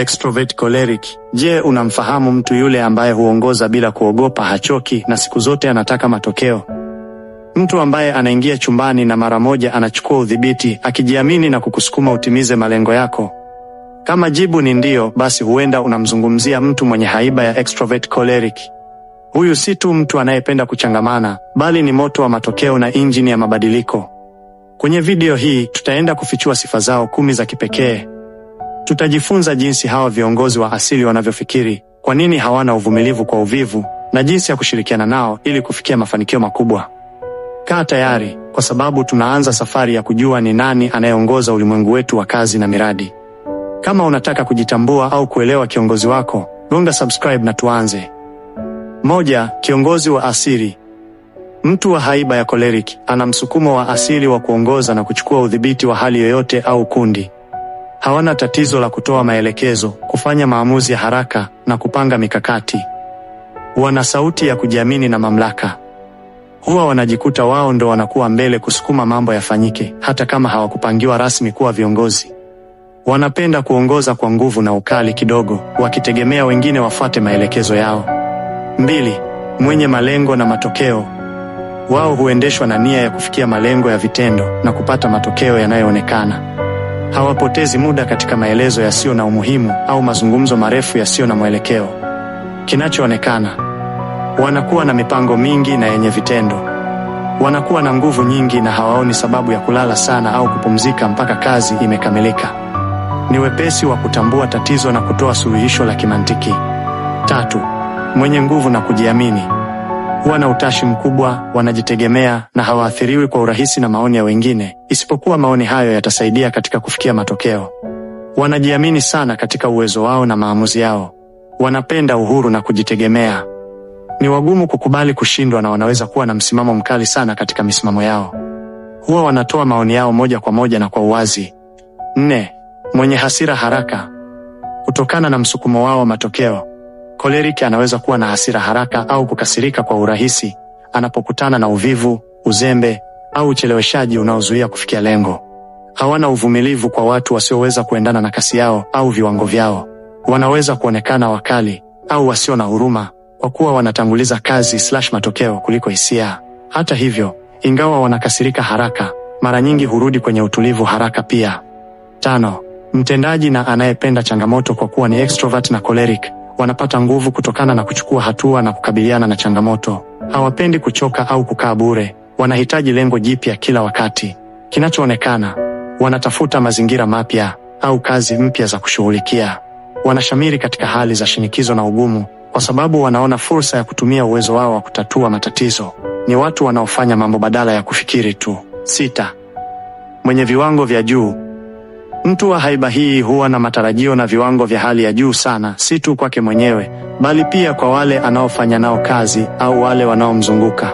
extrovert choleric. Je, unamfahamu mtu yule ambaye huongoza bila kuogopa, hachoki na siku zote anataka matokeo? Mtu ambaye anaingia chumbani na mara moja anachukua udhibiti, akijiamini na kukusukuma utimize malengo yako. Kama jibu ni ndiyo, basi huenda unamzungumzia mtu mwenye haiba ya extrovert choleric. Huyu si tu mtu anayependa kuchangamana, bali ni moto wa matokeo na injini ya mabadiliko. Kwenye video hii tutaenda kufichua sifa zao kumi za kipekee Tutajifunza jinsi hawa viongozi wa asili wanavyofikiri, kwa nini hawana uvumilivu kwa uvivu, na jinsi ya kushirikiana nao ili kufikia mafanikio makubwa. Kaa tayari, kwa sababu tunaanza safari ya kujua ni nani anayeongoza ulimwengu wetu wa kazi na miradi. Kama unataka kujitambua au kuelewa kiongozi wako, gonga subscribe na tuanze. Moja, kiongozi wa asili. Mtu wa haiba ya kolerik ana msukumo wa asili wa kuongoza na kuchukua udhibiti wa hali yoyote au kundi hawana tatizo la kutoa maelekezo, kufanya maamuzi ya haraka na kupanga mikakati. Wana sauti ya kujiamini na mamlaka. Huwa wanajikuta wao ndo wanakuwa mbele kusukuma mambo yafanyike, hata kama hawakupangiwa rasmi kuwa viongozi. Wanapenda kuongoza kwa nguvu na ukali kidogo, wakitegemea wengine wafuate maelekezo yao. Mbili, mwenye malengo na matokeo. Wao huendeshwa na nia ya kufikia malengo ya vitendo na kupata matokeo yanayoonekana hawapotezi muda katika maelezo yasiyo na umuhimu au mazungumzo marefu yasiyo na mwelekeo. Kinachoonekana, wanakuwa na mipango mingi na yenye vitendo. Wanakuwa na nguvu nyingi na hawaoni sababu ya kulala sana au kupumzika mpaka kazi imekamilika. Ni wepesi wa kutambua tatizo na kutoa suluhisho la kimantiki. Tatu, mwenye nguvu na kujiamini huwa na utashi mkubwa, wanajitegemea na hawaathiriwi kwa urahisi na maoni ya wengine, isipokuwa maoni hayo yatasaidia katika kufikia matokeo. Wanajiamini sana katika uwezo wao na maamuzi yao. Wanapenda uhuru na kujitegemea. Ni wagumu kukubali kushindwa na wanaweza kuwa na msimamo mkali sana katika misimamo yao. Huwa wanatoa maoni yao moja kwa moja na kwa uwazi. Nne, mwenye hasira haraka. Kutokana na msukumo wao wa matokeo, Koleriki anaweza kuwa na hasira haraka au kukasirika kwa urahisi anapokutana na uvivu, uzembe au ucheleweshaji unaozuia kufikia lengo. Hawana uvumilivu kwa watu wasioweza kuendana na kasi yao au viwango vyao. Wanaweza kuonekana wakali au wasio na huruma kwa kuwa wanatanguliza kazi slash matokeo kuliko hisia. Hata hivyo, ingawa wanakasirika haraka, mara nyingi hurudi kwenye utulivu haraka pia. Tano, mtendaji na anayependa changamoto kwa kuwa ni extrovert na choleric wanapata nguvu kutokana na kuchukua hatua na kukabiliana na changamoto. Hawapendi kuchoka au kukaa bure, wanahitaji lengo jipya kila wakati. Kinachoonekana, wanatafuta mazingira mapya au kazi mpya za kushughulikia. Wanashamiri katika hali za shinikizo na ugumu, kwa sababu wanaona fursa ya kutumia uwezo wao wa kutatua matatizo. Ni watu wanaofanya mambo badala ya kufikiri tu. Sita. Mwenye viwango vya juu Mtu wa haiba hii huwa na matarajio na viwango vya hali ya juu sana, si tu kwake mwenyewe, bali pia kwa wale anaofanya nao kazi au wale wanaomzunguka.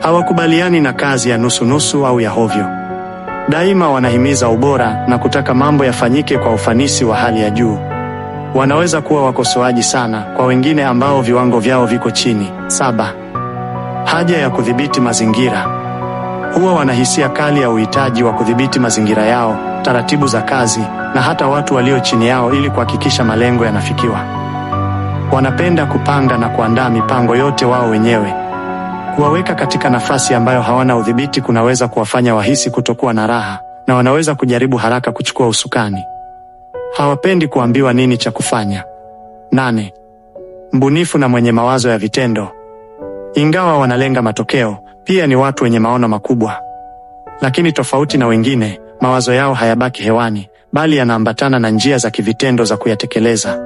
Hawakubaliani na kazi ya nusu-nusu au ya hovyo. Daima wanahimiza ubora na kutaka mambo yafanyike kwa ufanisi wa hali ya juu. Wanaweza kuwa wakosoaji sana kwa wengine ambao viwango vyao viko chini. Saba, haja ya kudhibiti mazingira. Huwa wanahisia kali ya uhitaji wa kudhibiti mazingira yao taratibu za kazi na hata watu walio chini yao ili kuhakikisha malengo yanafikiwa. Wanapenda kupanga na kuandaa mipango yote wao wenyewe. Kuwaweka katika nafasi ambayo hawana udhibiti kunaweza kuwafanya wahisi kutokuwa na raha na wanaweza kujaribu haraka kuchukua usukani. Hawapendi kuambiwa nini cha kufanya. Nane, mbunifu na mwenye mawazo ya vitendo. Ingawa wanalenga matokeo, pia ni watu wenye maono makubwa. Lakini tofauti na wengine, mawazo yao hayabaki hewani, bali yanaambatana na njia za kivitendo za kuyatekeleza.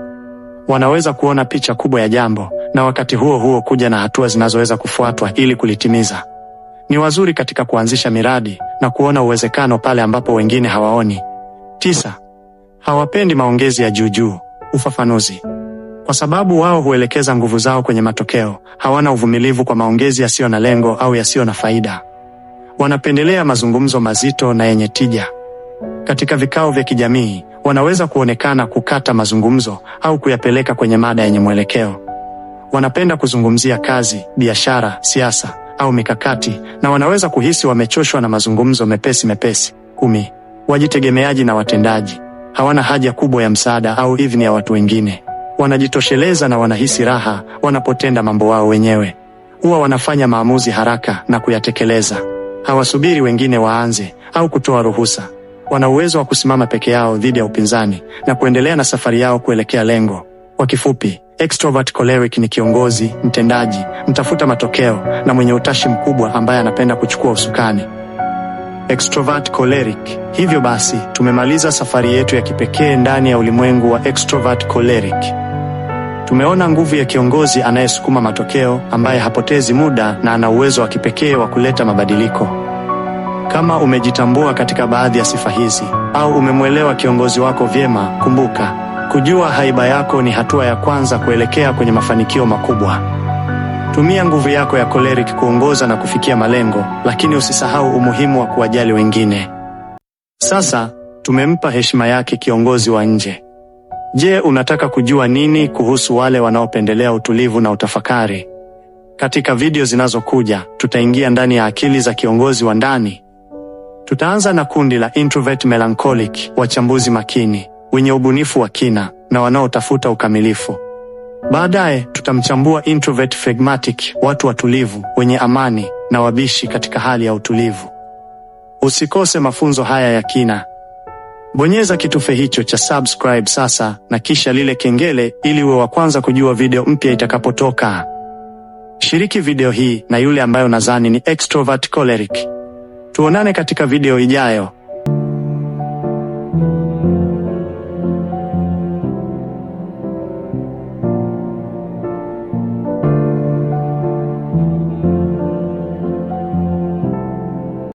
Wanaweza kuona picha kubwa ya jambo na wakati huo huo kuja na hatua zinazoweza kufuatwa ili kulitimiza. Ni wazuri katika kuanzisha miradi na kuona uwezekano pale ambapo wengine hawaoni. Tisa, hawapendi maongezi ya juu, Ufafanuzi. Kwa sababu wao huelekeza nguvu zao kwenye matokeo, hawana uvumilivu kwa maongezi yasiyo na lengo au yasiyo na faida wanapendelea mazungumzo mazito na yenye tija. Katika vikao vya kijamii, wanaweza kuonekana kukata mazungumzo au kuyapeleka kwenye mada yenye mwelekeo. Wanapenda kuzungumzia kazi, biashara, siasa au mikakati, na wanaweza kuhisi wamechoshwa na mazungumzo mepesi mepesi. Kumi, wajitegemeaji na watendaji hawana haja kubwa ya msaada au idhini ya watu wengine. Wanajitosheleza na wanahisi raha wanapotenda mambo wao wenyewe. Huwa wanafanya maamuzi haraka na kuyatekeleza hawasubiri wengine waanze au kutoa ruhusa. Wana uwezo wa kusimama peke yao dhidi ya upinzani na kuendelea na safari yao kuelekea lengo. Kwa kifupi, extrovert choleric ni kiongozi mtendaji, mtafuta matokeo na mwenye utashi mkubwa ambaye anapenda kuchukua usukani. Extrovert choleric. Hivyo basi, tumemaliza safari yetu ya kipekee ndani ya ulimwengu wa extrovert choleric. Tumeona nguvu ya kiongozi anayesukuma matokeo, ambaye hapotezi muda na ana uwezo wa kipekee wa kuleta mabadiliko. Kama umejitambua katika baadhi ya sifa hizi au umemwelewa kiongozi wako vyema, kumbuka, kujua haiba yako ni hatua ya kwanza kuelekea kwenye mafanikio makubwa. Tumia nguvu yako ya kolerik kuongoza na kufikia malengo, lakini usisahau umuhimu wa kuwajali wengine. Sasa tumempa heshima yake kiongozi wa nje. Je, unataka kujua nini kuhusu wale wanaopendelea utulivu na utafakari? Katika video zinazokuja, tutaingia ndani ya akili za kiongozi wa ndani. Tutaanza na kundi la introvert melancholic, wachambuzi makini, wenye ubunifu wa kina na wanaotafuta ukamilifu. Baadaye tutamchambua introvert phlegmatic, watu watulivu, wenye amani na wabishi katika hali ya utulivu. Usikose mafunzo haya ya kina. Bonyeza kitufe hicho cha subscribe sasa na kisha lile kengele ili uwe wa kwanza kujua video mpya itakapotoka. Shiriki video hii na yule ambayo nadhani ni extrovert choleric. Tuonane katika video ijayo.